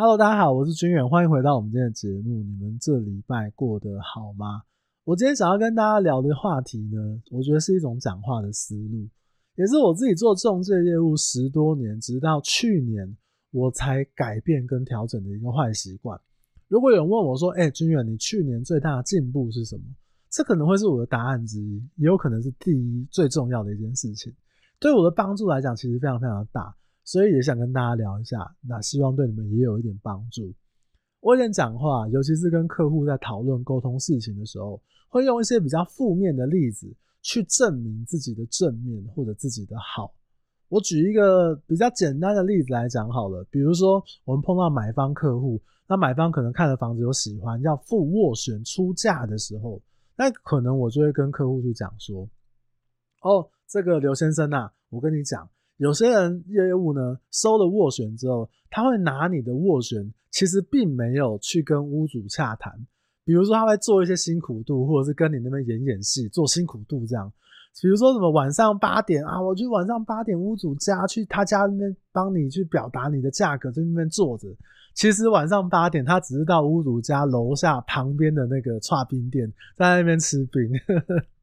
哈嘍，大家好，我是軍遠，歡迎回到我們今天的節目。你們這禮拜過得好嗎？我今天想要跟大家聊的話題呢，我覺得是一種講話的思路，也是我自己做仲介業務十多年，直到去年我才改變跟調整的一個壞習慣。如果有人問我說：“哎、欸，軍遠，你去年最大的進步是什麼？”這可能會是我的答案之一，也有可能是第一最重要的一件事情，對我的幫助來講，其實非常非常大。所以也想跟大家聊一下，那希望對你們也有一點幫助。我以前講話，尤其是跟客戶在討論溝通事情的時候，會用一些比較負面的例子去證明自己的正面或者自己的好。我舉一個比較簡單的例子來講好了，比如說我們碰到買方客戶，那買方可能看了房子有喜歡，要付斡旋出價的時候，那可能我就會跟客戶去講說：“哦，這個劉先生吶，我跟你講。”有些人業務呢，收了斡旋之後，他會拿你的斡旋，其實並沒有去跟屋主洽談。比如說，他會做一些辛苦度，或者是跟你那邊演演戲，做辛苦度這樣。比如說什麼晚上八點啊，我去晚上八點屋主家，去他家那邊幫你去表達你的價格，在那邊坐着。其實晚上八點，他只是到屋主家樓下旁邊的那個剉冰店，在那邊吃冰。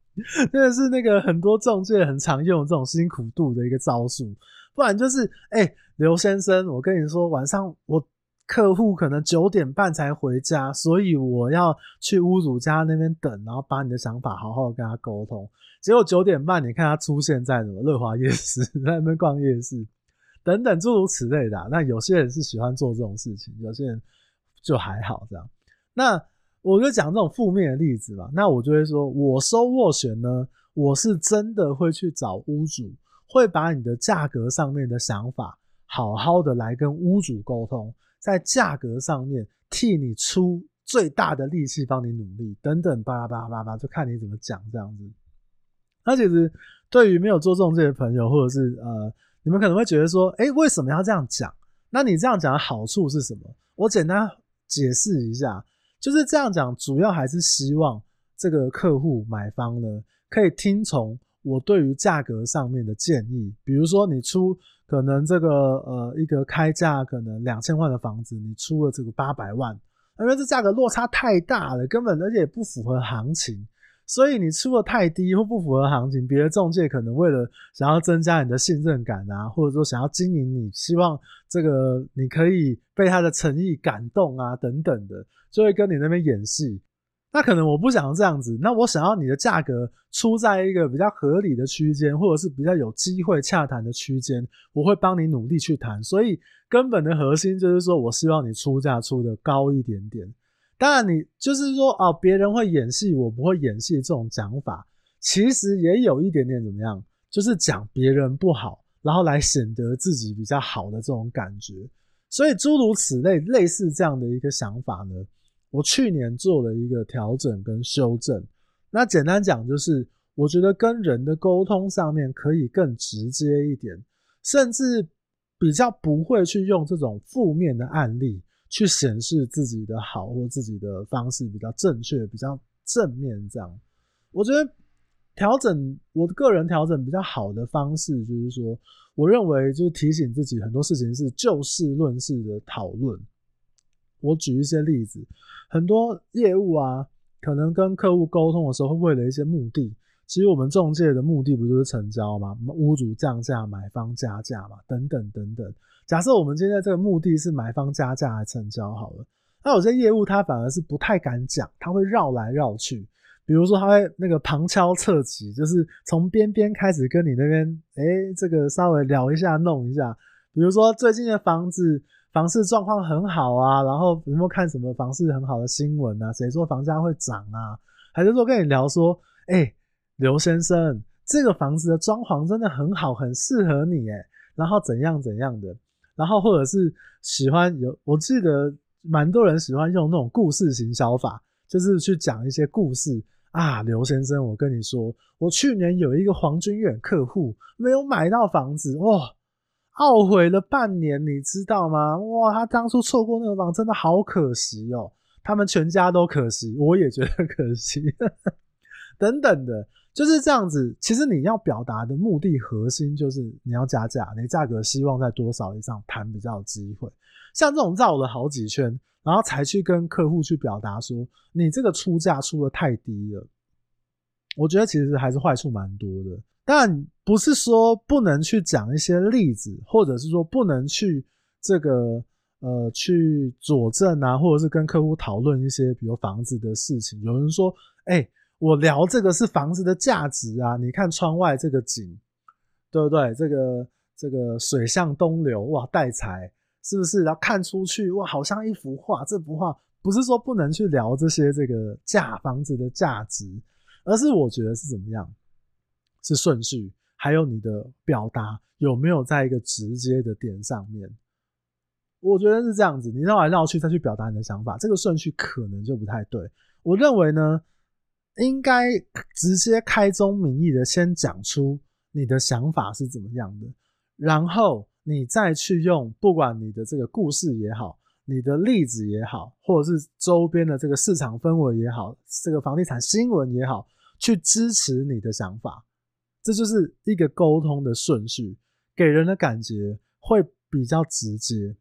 這 個是那個很多仲介很常用這種辛苦度的一個招數，不然就是哎，劉先生，我跟你說，晚上我客戶可能九點半才回家，所以我要去屋主家那邊等，然後把你的想法好好跟他溝通。結果九點半，你看他出現在什麼樂華夜市，在那邊逛夜市，等等諸如此類的啊。那有些人是喜歡做這種事情，有些人就還好這樣。那。我就講這種負面的例子吧。那我就會說，我收斡旋呢，我是真的會去找屋主，會把你的價格上面的想法，好好的來跟屋主溝通，在價格上面替你出最大的力氣，幫你努力等等，巴拉巴拉巴拉，就看你怎麼講這樣子。那其實對於沒有做中介的朋友，或者是呃，你們可能會覺得說，哎，為什麼要這樣講？那你這樣講的好處是什麼？我簡單解釋一下。就是這樣講，主要還是希望這個客戶買方呢，可以聽從我對於價格上面的建議。比如說，你出可能這個呃一個開價可能兩千萬的房子，你出了這個八百萬，因為這價格落差太大了，根本而且也不符合行情。所以你出的太低或不符合行情，別的仲介可能為了想要增加你的信任感啊，或者說想要經營你，希望這個你可以被他的誠意感動啊等等的，就會跟你那邊演戲。那可能我不想要這樣子，那我想要你的價格出在一個比較合理的區間，或者是比較有機會洽談的區間，我會幫你努力去談。所以根本的核心就是說，我希望你出價出的高一點點。當然，你就是說啊，別人會演戲，我不會演戲，這種講法其實也有一點點怎麼樣，就是講別人不好，然後來顯得自己比較好的這種感覺。所以諸如此類，類似這樣的一個想法呢，我去年做了一個調整跟修正。那簡單講，就是我覺得跟人的溝通上面可以更直接一點，甚至比較不會去用這種負面的案例，去顯示自己的好，或自己的方式比較正確、比較正面，這樣，我覺得調整，我個人調整比較好的方式就是說，我認為就是提醒自己很多事情是就事論事的討論。我舉一些例子，很多業務啊，可能跟客戶溝通的時候，會為了一些目的。其實我們中介的目的不就是成交嗎？屋主降價，買方加價嘛，等等等等。假設我們今天這個目的是買方加價來成交好了，那有些業務他反而是不太敢講，他會繞來繞去，比如說他會那個旁敲側擊，就是從邊邊開始跟你那邊，哎、欸，這個稍微聊一下弄一下。比如說最近的房子房市狀況很好啊，然後有沒有看什麼房市很好的新聞啊？誰說房價會漲啊？還是說跟你聊說，哎、欸。劉先生，這個房子的裝潢真的很好，很適合你哎。然後怎樣怎樣的，然後或者是喜歡有，我記得蠻多人喜歡用那種故事行銷法，就是去講一些故事啊。劉先生，我跟你說，我去年有一個黃君遠客戶沒有買到房子，哇，懊悔了半年，你知道嗎？哇，他當初錯過那個房真的好可惜哦、喔，他們全家都可惜，我也覺得可惜， 等等的。就是這樣子，其實你要表達的目的核心就是你要加價，你價格希望在多少以上談比較有機會。像這種繞了好幾圈，然後才去跟客戶去表達說，你這個出價出得太低了，我覺得其實還是壞處蠻多的。但不是說不能去講一些例子，或者是說不能去這個呃去佐證啊，或者是跟客戶討論一些比如房子的事情。有人說，哎、欸。我聊這個是房子的價值啊！你看窗外這個景，對不對？這個這個水向東流，哇，帶財，是不是？然後看出去，哇，好像一幅畫。這幅畫不是說不能去聊這些，這個價，房子的價值，而是我覺得是怎麼樣？是順序，還有你的表達有沒有在一個直接的點上面？我覺得是這樣子，你繞來繞去再去表達你的想法，這個順序可能就不太對。我認為呢。應該直接開宗明義的先講出你的想法是怎麼樣的，然後你再去用不管你的這個故事也好，你的例子也好，或者是周邊的這個市場氛圍也好，這個房地產新聞也好，去支持你的想法，這就是一個溝通的順序，給人的感覺會比較直接。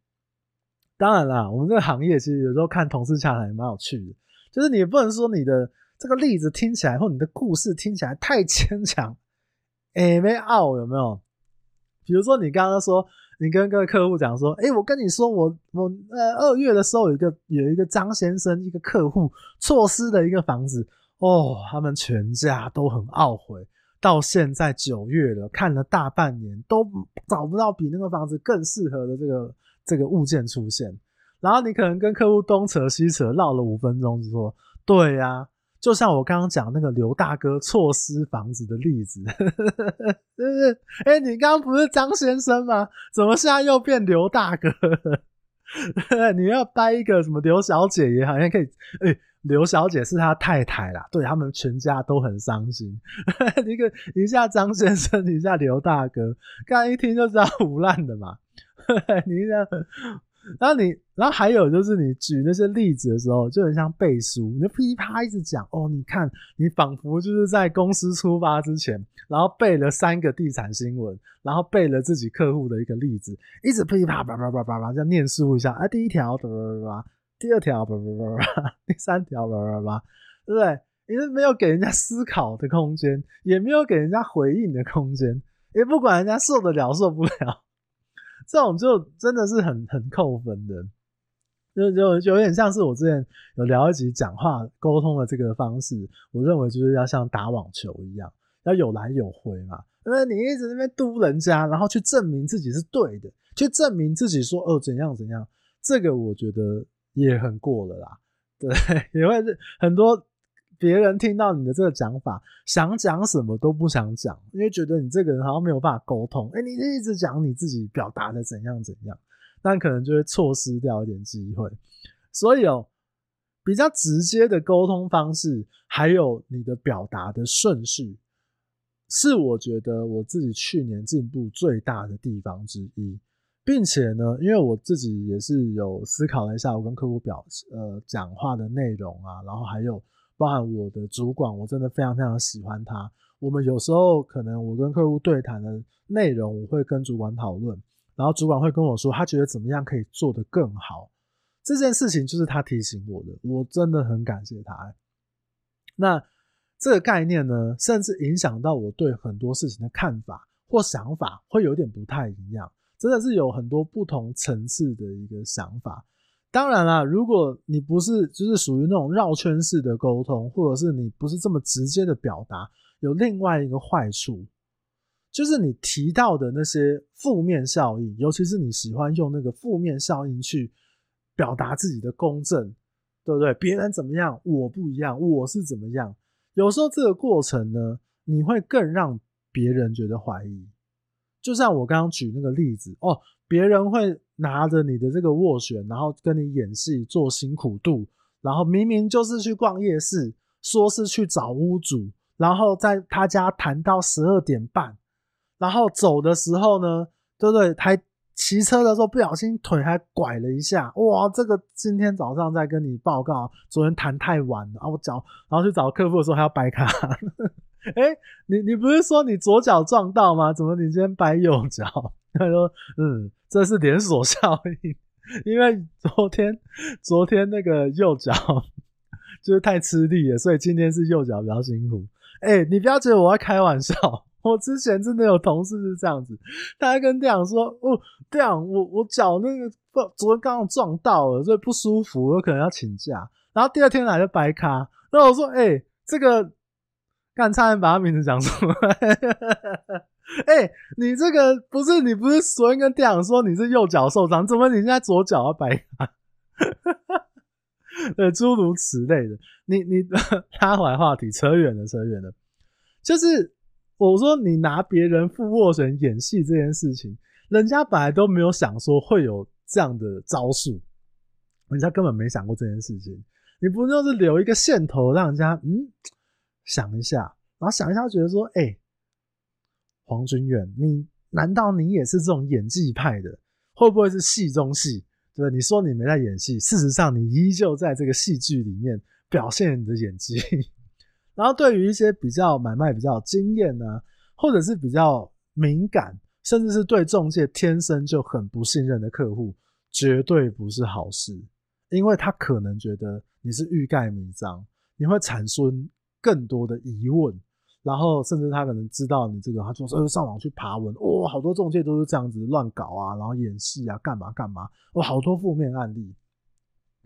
當然啦，我們這個行業其實有時候看同事洽談也蠻有趣的，就是你不能說你的。這個例子聽起來，或你的故事聽起來太牽強，哎、欸，沒拗有沒有？比如說，你剛剛說，你跟個客戶講說，誒、欸、我跟你說，我我呃二月的時候有一個有一個張先生一個客戶錯失了一個房子，哦，他們全家都很懊悔，到現在九月了，看了大半年都找不到比那個房子更適合的這個這個物件出現，然後你可能跟客戶東扯西扯，繞了五分鐘，說，對呀、啊。就像我剛剛講那個劉大哥錯失房子的例子，是不是？哎、欸，你剛剛不是張先生嗎？怎麼現在又變劉大哥了呵呵？你要掰一個什麼劉小姐也好像可以。哎、欸，劉小姐是他太太啦，對，他們全家都很傷心呵呵。你個你一下張先生，你一下劉大哥，剛一聽就知道唬爛的嘛呵呵。你這樣。然後你，然後還有就是你舉那些例子的時候，就很像背書，你就噼啪啪一直講哦，你看你仿佛就是在公司出發之前，然後背了三個地產新聞，然後背了自己客戶的一個例子，一直噼啪啪啪啪啪啪啪這樣念書一下，啊，第一條叭叭叭，第二條叭叭叭叭，第三條叭叭叭，對不對？你是沒有給人家思考的空間，也沒有給人家回應的空間，也不管人家受得了受不了。這種就真的是很很扣分的，就就有點像是我之前有聊一集講話溝通的這個方式，我認為就是要像打網球一樣，要有來有回嘛。因為你一直在那邊督人家，然後去證明自己是對的，去證明自己說哦、呃、怎樣怎樣，這個我覺得也很過了啦。對，也會很多。別人聽到你的這個講法，想講什麼都不想講，因為覺得你這個人好像沒有辦法溝通，欸，你一直講你自己表達的怎樣怎樣，但可能就會錯失掉一點機會。所以哦，比較直接的溝通方式，還有你的表達的順序，是我覺得我自己去年進步最大的地方之一。並且呢，因為我自己也是有思考了一下，我跟客戶表呃講話的內容啊，然後還有。包含我的主管，我真的非常非常喜歡他。我們有時候可能我跟客戶對談的內容，我會跟主管討論，然後主管會跟我說他覺得怎麼樣可以做得更好。這件事情就是他提醒我的，我真的很感謝他，欸。那這個概念呢，甚至影響到我對很多事情的看法或想法，會有點不太一樣。真的是有很多不同層次的一個想法。當然啦，如果你不是就是屬於那種繞圈式的溝通，或者是你不是這麼直接的表達，有另外一個壞處，就是你提到的那些負面效應，尤其是你喜歡用那個負面效應去表達自己的公正，對不對？別人怎麼樣，我不一樣，我是怎麼樣。有時候這個過程呢，你會更讓別人覺得懷疑。就像我剛剛舉那個例子哦，別人會。拿着你的這個斡旋，然後跟你演戲做辛苦度，然後明明就是去逛夜市，說是去找屋主，然後在他家談到十二點半，然後走的時候呢，對不對？還騎車的時候不小心腿還拐了一下，哇！這個今天早上在跟你報告，昨天談太晚了啊，我找，然後去找客戶的時候還要擺卡。哎、欸，你你不是說你左腳撞到嗎？怎麼你今天掰右腳？ 他說：“嗯，這是連鎖效應， 因為昨天昨天那個右腳 就是太吃力了，所以今天是右腳比較辛苦。欸”哎，你不要覺得我在開玩笑， 我之前真的有同事是這樣子，他還跟店長說：“哦，店長，我我腳那個昨昨天剛剛撞到了，所以不舒服，有可能要請假。”然後第二天來了掰咖，那我說：“哎、欸，這個。”幹，差點把他名字講出來。哎、 欸，你這個不是，你不是昨天跟店長說你是右腳受傷，怎麼你現在左腳要擺？ 對，諸如此類的。你你 拉回來話題，扯遠了，扯遠了。就是我說你拿別人付斡旋演戲這件事情，人家本來都沒有想說會有這樣的招數，人家根本沒想過這件事情。你不就是留一個線頭，讓人家嗯？想一下，然後想一下，覺得說：“哎、欸，黃軍遠，你難道你也是這種演技派的？會不會是戲中戲？對，你說你沒在演戲，事實上你依舊在這個戲劇裡面表現你的演技。 然後，對於一些比較買賣比較有經驗呢，或者是比較敏感，甚至是對中介天生就很不信任的客戶，絕對不是好事，因為他可能覺得你是欲蓋彌彰，你會產生。”更多的疑問，然後甚至他可能知道你這個，他就說：“上網去爬文，哦，好多中介都是這樣子亂搞啊，然後演戲啊，幹嘛幹嘛，哦，好多負面案例。”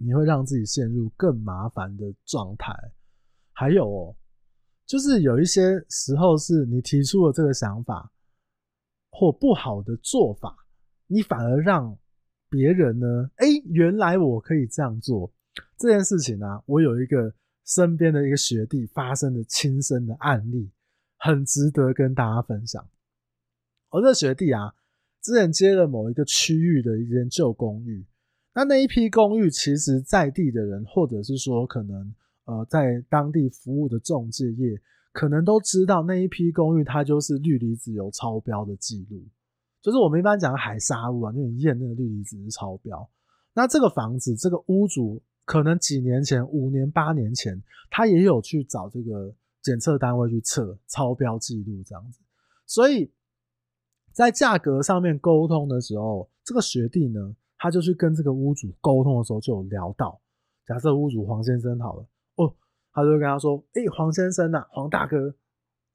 你會讓自己陷入更麻煩的狀態。還有哦，就是有一些時候是你提出了這個想法或不好的做法，你反而讓別人呢？哎，原來我可以這樣做，這件事情啊，我有一個。身邊的一個學弟發生的親身的案例，很值得跟大家分享。我這個學弟啊，之前接了某一個區域的一間舊公寓，那那一批公寓，其實在地的人或者是說可能呃在當地服務的仲介業，可能都知道那一批公寓它就是氯離子有超標的記錄，就是我們一般講海砂屋啊，那你驗那個氯離子是超標。那這個房子，這個屋主。可能幾年前，五年、八年前，他也有去找這個檢測單位去測超標記錄這樣子。所以，在價格上面溝通的時候，這個學弟呢，他就去跟這個屋主溝通的時候就有聊到，假設屋主黃先生好了哦，他就跟他說：“誒、欸，黃先生吶、啊，黃大哥，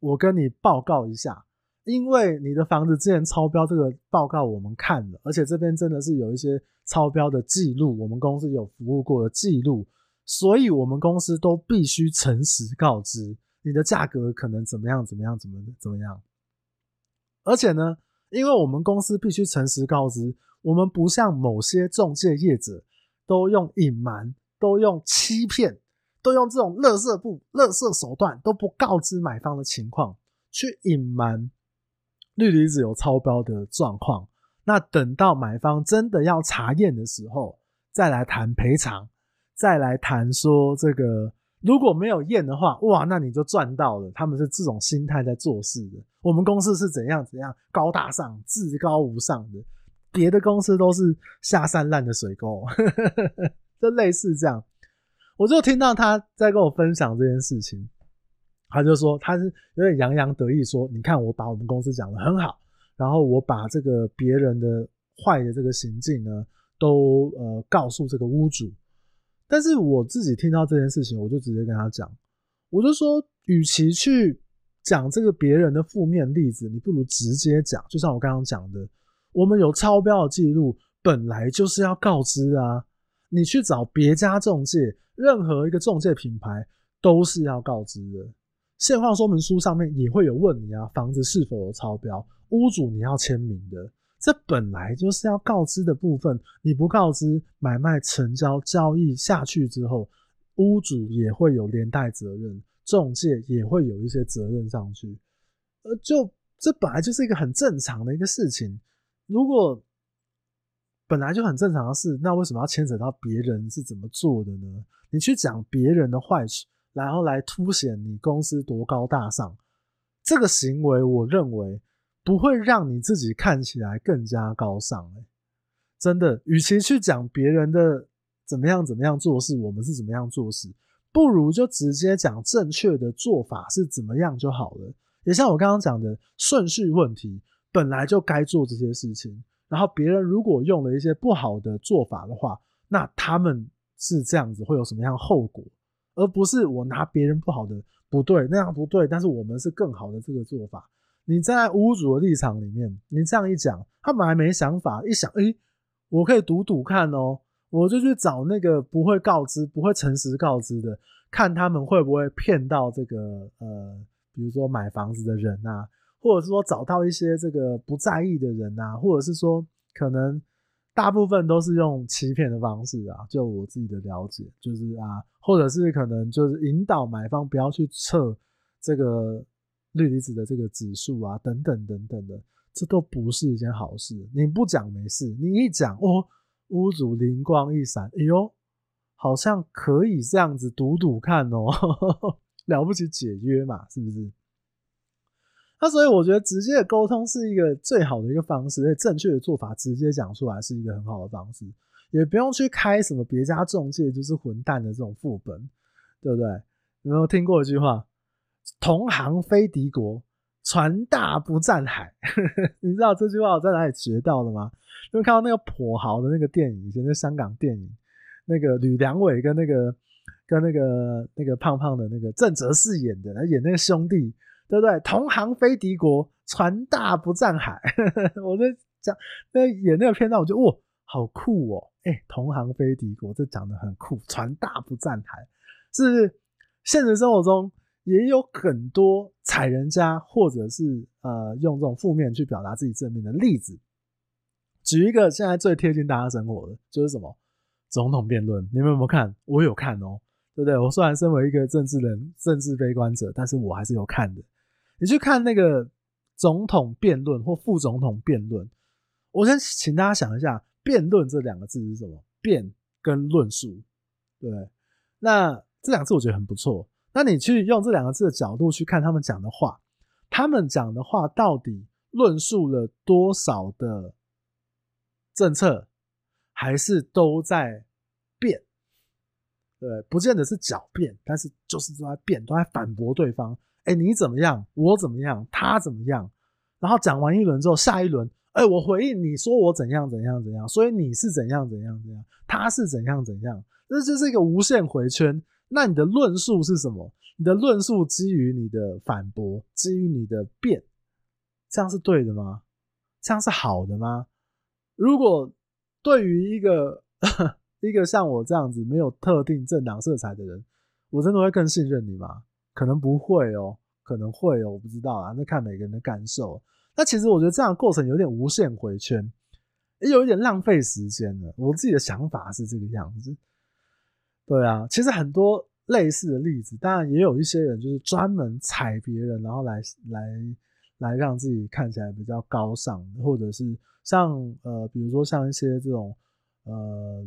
我跟你報告一下。”因為你的房子之前超標，這個報告我們看了，而且這邊真的是有一些超標的記錄，我們公司有服務過的記錄，所以我們公司都必須誠實告知你的價格可能怎麼樣，怎麼樣，怎麼怎麼樣。而且呢，因為我們公司必須誠實告知，我們不像某些仲介業者都用隱瞞，都用欺騙，都用這種垃圾不垃圾手段，都不告知買方的情況去隱瞞。氯離子有超標的狀況，那等到買方真的要查驗的時候，再來談賠償，再來談說這個如果沒有驗的話，哇，那你就賺到了。他們是這種心態在做事的。我們公司是怎樣怎樣高大上、至高無上的，別的公司都是下三濫的水溝，呵呵呵，就類似這樣。我就聽到他在跟我分享這件事情。他就說，他是有點洋洋得意，說：“你看，我把我們公司講得很好，然後我把這個別人的壞的這個行徑呢，都呃告訴這個屋主。但是我自己聽到這件事情，我就直接跟他講，我就說，與其去講這個別人的負面例子，你不如直接講，就像我剛剛講的，我們有超標的記錄，本來就是要告知啊。你去找別家仲介，任何一個仲介品牌都是要告知的。”現況說明書上面也會有問你啊，房子是否有超標，屋主你要簽名的。這本來就是要告知的部分，你不告知，買賣成交交易下去之後，屋主也會有連帶責任，仲介也會有一些責任上去。呃，就這本來就是一個很正常的一個事情。如果本來就很正常的事，那為什麼要牽扯到別人是怎麼做的呢？你去講別人的壞事，然後來凸顯你公司多高大上，這個行為我認為不會讓你自己看起來更加高尚。欸，真的，與其去講別人的怎麼樣怎麼樣做事，我們是怎麼樣做事，不如就直接講正確的做法是怎麼樣就好了。也像我剛剛講的順序問題，本來就該做這些事情。然後別人如果用了一些不好的做法的話，那他們是這樣子會有什麼樣的後果？而不是我拿別人不好的不對，那樣不對，但是我們是更好的這個做法。你在屋主的立場裡面，你這樣一講，他們還沒想法，一想，哎、欸，我可以賭賭看哦、喔，我就去找那個不會告知、不會誠實告知的，看他們會不會騙到這個呃，比如說買房子的人吶、啊，或者是說找到一些這個不在意的人吶、啊，或者是說可能。大部分都是用欺騙的方式啊，就我自己的了解，就是啊，或者是可能就是引導買方不要去測這個氯離子的這個指數啊，等等等等的，這都不是一件好事。你不講沒事，你一講，哦，屋主靈光一閃，哎呦，好像可以這樣子賭賭看哦，了不起解約嘛，是不是？那、啊、所以我覺得直接的溝通是一個最好的一個方式，而且正確的做法直接講出來是一個很好的方式，也不用去開什麼別家中介就是混蛋的這種副本，對不對？有沒有聽過一句話“同行非敵國，船大不戰海”？ 你知道這句話我在哪裡學到的嗎？因為有，有看到那個跛豪的那個電影，以前那香港電影，那個呂良偉跟那個跟那個那個胖胖的那個鄭則仕演的，他演那個兄弟。對不對？同行非敵國，船大不占海。 我在講那演那個片段我就，我覺得哇，好酷哦！哎、欸，同行非敵國，這講得很酷。船大不占海，是不是？現實生活中也有很多踩人家，或者是呃用這種負面去表達自己正面的例子。舉一個現在最貼近大家生活的，就是什麼總統辯論？你們有沒有看？我有看哦，對不對？我雖然身為一個政治人、政治悲觀者，但是我還是有看的。你去看那個總統辯論或副總統辯論，我先請大家想一下，“辯論”這兩個字是什麼？“辯”跟“論述”，對，那這兩個字我覺得很不錯。那你去用這兩個字的角度去看他們講的話，他們講的話到底論述了多少的政策，還是都在辯？對，不見得是狡辯，但是就是都在辯，都在反駁對方。哎、欸，你怎麼樣？我怎麼樣？他怎麼樣？然後講完一輪之後，下一輪，哎、欸，我回應你說我怎樣怎樣怎樣，所以你是怎樣怎樣怎樣，他是怎樣怎樣，這就是一個無限回圈。那你的論述是什麼？你的論述基於你的反駁，基於你的辯，這樣是對的嗎？這樣是好的嗎？如果對於一個一個像我這樣子沒有特定政黨色彩的人，我真的會更信任你嗎？可能不會哦，可能會哦，我不知道啊，那看每個人的感受。那其實我覺得這樣的過程有點無限回圈，也有一點浪費時間了。我自己的想法是這個樣子。對啊，其實很多類似的例子，當然也有一些人就是專門踩別人，然後來來來讓自己看起來比較高尚，或者是像呃，比如說像一些這種呃。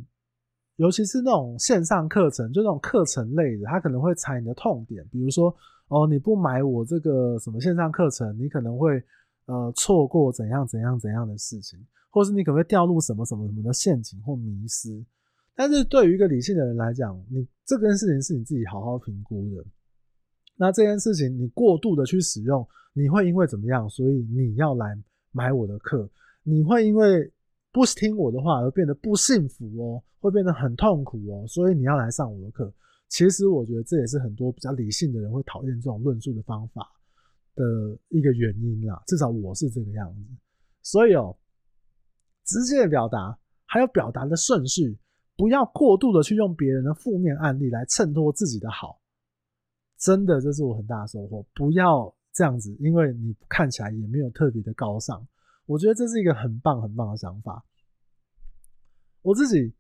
尤其是那種線上課程，就那種課程類的，它可能會踩你的痛點，比如說，哦，你不買我這個什麼線上課程，你可能會呃錯過怎樣怎樣怎樣的事情，或是你可能會掉入什麼什麼什麼的陷阱或迷思。但是對於一個理性的人來講，你這件事情是你自己好好評估的。那這件事情你過度的去使用，你會因為怎麼樣？所以你要來買我的課，你會因為。不聽我的話而變得不幸福哦，會變得很痛苦哦，所以你要來上我的課。其實我覺得這也是很多比較理性的人會討厭這種論述的方法的一個原因啦，至少我是這個樣子。所以哦，直接的表達，還有表達的順序，不要過度的去用別人的負面案例來襯托自己的好。真的，這是我很大的收穫。不要這樣子，因為你看起來也沒有特別的高尚。我覺得這是一個很棒很棒的想法。我自己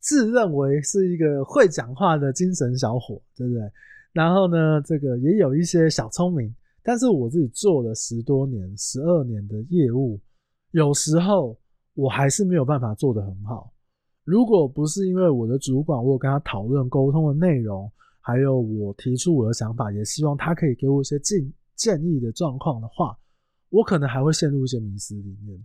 自認為是一個會講話的精神小伙，對不對？然後呢，這個也有一些小聰明。但是我自己做了十多年，十二年的業務，有時候我還是沒有辦法做得很好。如果不是因為我的主管，我有跟他討論溝通的內容，還有我提出我的想法，也希望他可以給我一些建建議的狀況的話，我可能還會陷入一些迷思裡面。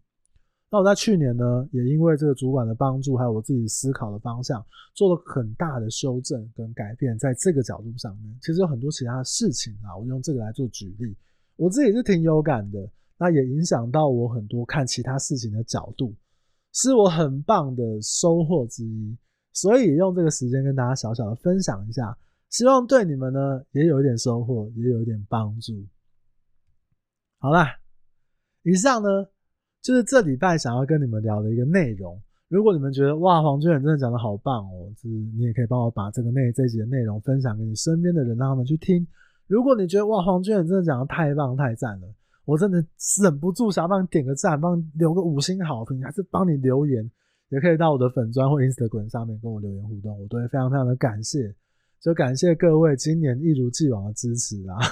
那我在去年呢，也因為這個主管的幫助，還有我自己思考的方向，做了很大的修正跟改變。在這個角度上面，其實有很多其他的事情啊，我用這個來做舉例，我自己是挺有感的。那也影響到我很多看其他事情的角度，是我很棒的收穫之一。所以用這個時間跟大家小小的分享一下，希望對你們呢也有一點收穫，也有一點幫助。好啦。以上呢，就是這禮拜想要跟你們聊的一個內容。如果你們覺得哇，黃軍遠真的講得好棒哦，就是你也可以幫我把這個內這集的內容分享給你身邊的人，讓他們去聽。如果你覺得哇，黃軍遠真的講得太棒太贊了，我真的忍不住想要幫你點個贊，幫你留個五星好評，還是幫你留言，也可以到我的粉專或 Instagram 上面跟我留言互動，我都會非常非常的感謝。就感謝各位今年一如既往的支持啦。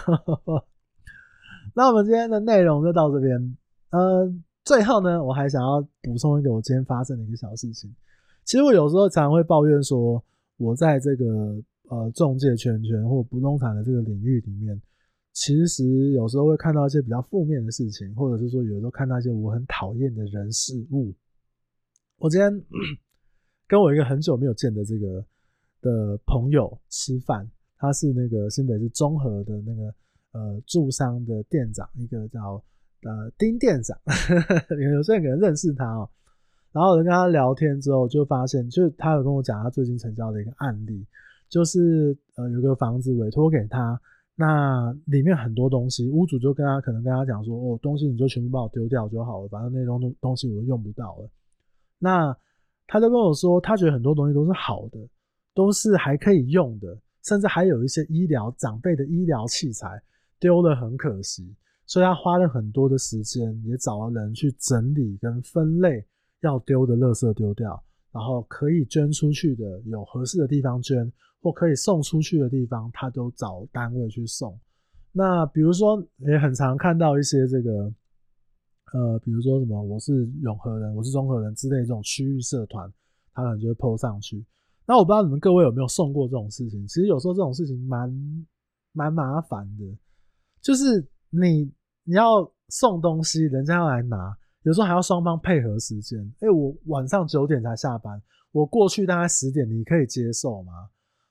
那我們今天的內容就到這邊。呃，最後呢，我還想要補充一個我今天發生的一個小事情。其實我有時候常常會抱怨說，我在這個呃仲介圈圈或不動產的這個領域裡面，其實有時候會看到一些比較負面的事情，或者是說有時候看到一些我很討厭的人事物。我今天，嗯，跟我一個很久沒有見的這個的朋友吃飯，他是那個新北市中和的那個。呃，住商的店長，一個叫呃丁店長，呵呵，你有些人可能認識他哦、喔。然後我就跟他聊天之後，就發現，就他有跟我講他最近成交的一個案例，就是呃有個房子委託給他，那裡面很多東西，屋主就跟他可能跟他講說，哦，東西你就全部幫我丟掉就好了，反正那些東東西我都用不到了。那他就跟我說，他覺得很多東西都是好的，都是還可以用的，甚至還有一些醫療，長輩的醫療器材。丟了很可惜，所以他花了很多的時間，也找了人去整理跟分類，要丟的垃圾丟掉，然後可以捐出去的，有合適的地方捐，或可以送出去的地方，他都找單位去送。那比如說，也很常看到一些這個，呃，比如說什麼我是永和人，我是中和人之類這種區域社團，他可能就會 po 上去。那我不知道你們各位有沒有送過這種事情？其實有時候這種事情蠻蠻麻煩的。就是你你要送東西，人家要來拿，有時候還要雙方配合時間。哎、欸，我晚上九點才下班，我過去大概十點，你可以接受嗎？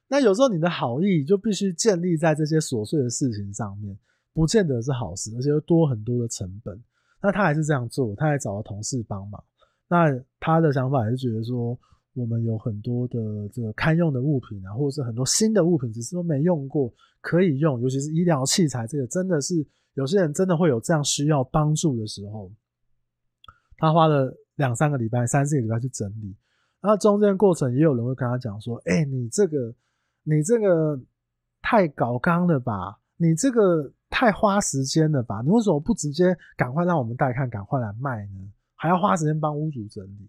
那有時候你的好意就必須建立在這些瑣碎的事情上面，不見得是好事，而且又多很多的成本。那他還是這樣做，他還找了同事幫忙。那他的想法還是覺得說。我們有很多的這個堪用的物品啊，或者是很多新的物品，只是說沒用過，可以用。尤其是醫療器材，這個真的是有些人真的會有這樣需要幫助的時候，他花了兩三個禮拜、三四個禮拜去整理。然後中間過程也有人會跟他講說：“哎、欸，你這個，你這個太搞綱了吧？你這個太花時間了吧？你為什麼不直接趕快讓我們帶看，趕快來賣呢？還要花時間幫屋主整理。”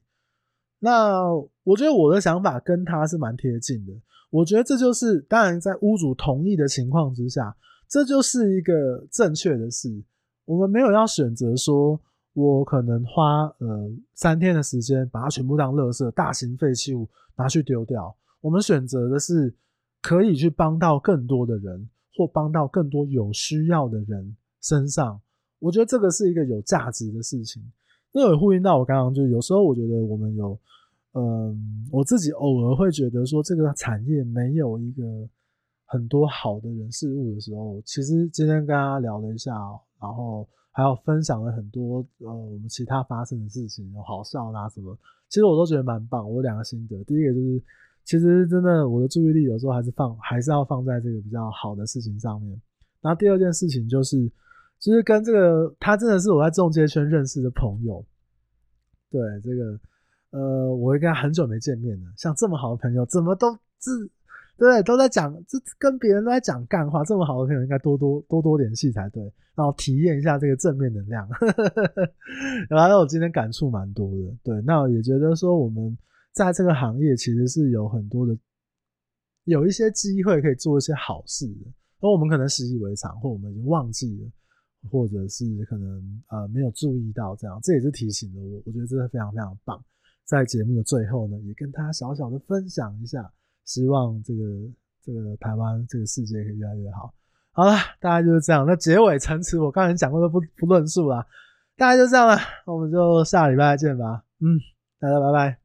那我覺得我的想法跟他是蠻貼近的。我覺得這就是，當然在屋主同意的情況之下，這就是一個正確的事。我們沒有要選擇說，我可能花呃三天的時間把它全部當垃圾、大型廢棄物拿去丟掉。我們選擇的是可以去幫到更多的人，或幫到更多有需要的人身上。我覺得這個是一個有價值的事情。那有呼應到我剛剛，就是有時候我覺得我們有，嗯、呃，我自己偶爾會覺得說這個產業沒有一個很多好的人事物的時候，其實今天跟大家聊了一下，然後還有分享了很多呃我們其他發生的事情，有好笑啦、啊、什麼，其實我都覺得蠻棒。我有兩個心得，第一個就是其實真的我的注意力有時候還是放還是要放在這個比較好的事情上面，那第二件事情就是。就是跟這個，他真的是我在中介圈認識的朋友。對這個，呃，我跟他很久沒見面了。像這麼好的朋友，怎麼都這對都在講，這跟別人都在講幹話。這麼好的朋友，應該多多多多聯繫才對。然後體驗一下這個正面能量。呵呵呵然後我今天感觸蠻多的。對，那我也覺得說我們在這個行業其實是有很多的，有一些機會可以做一些好事的。而我們可能習以為常，或我們已經忘記了。或者是可能呃，沒有注意到這樣，這也是提醒了我，我覺得真的非常非常棒。在節目的最後呢，也跟大家小小的分享一下，希望這個這個台灣這個世界可以越來越好。好了，大家就是這樣。那結尾陳詞我剛才講過的不不論述了，大家就這樣了，我們就下禮拜見吧。嗯，大家拜拜。